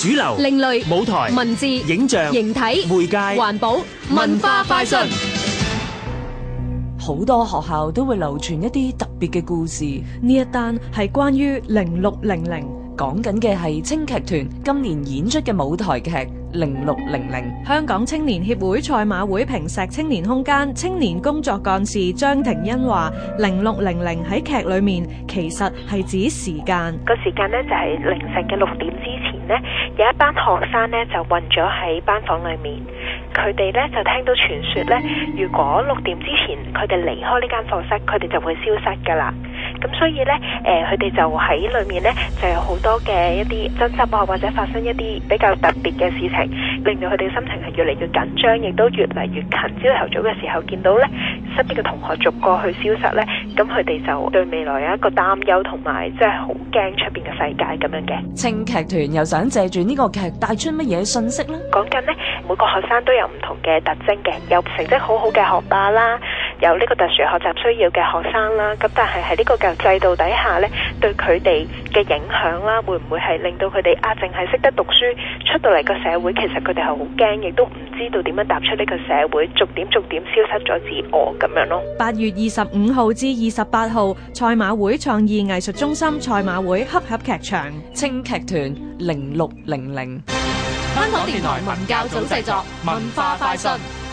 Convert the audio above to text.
主流、另類舞台、文字、影像、形體、媒介、環保、文化快訊。好多學校都會流傳一啲特別嘅故事，呢一單係關於零六零零，講緊嘅係青劇團今年演出嘅舞台劇《零六零零》。香港青年協會賽馬會平石青年空間青年工作幹事張庭欣話，零六零零喺劇裏面其實係指時間，個時間咧就係凌晨嘅六點。咧有一班學生呢，就困咗喺班房裏面，佢哋呢，就聽到傳說呢，如果六點之前佢哋離開呢間課室，佢哋就會消失噶啦。咁所以呢，誒、呃，佢哋就喺裏面呢，就有好多嘅一啲爭執啊，或者發生一啲比較特別嘅事情，令到佢哋心情係越嚟越緊張，亦都越嚟越近。朝頭早嘅時候見到呢。出邊嘅同學逐個去消失呢，咁佢哋就對未來有一個擔憂，同埋即係好驚出邊嘅世界咁樣嘅。青劇團又想借住呢個劇帶出乜嘢信息呢？講緊呢每個學生都有唔同嘅特徵嘅，有成績好好嘅學霸啦。有呢個特殊學習需要嘅學生啦，咁但係喺呢個教育制度底下呢，對佢哋嘅影響啦，會唔會係令到佢哋啊，淨係識得讀書出到嚟個社會，其實佢哋係好驚，亦都唔知道點樣踏出呢個社會，逐點逐點消失咗自我咁樣咯。八月二十五號至二十八號，賽馬會創意藝術中心，賽馬會黑盒劇場，青劇團零六零零，香港電台文教組製作，文化快訊。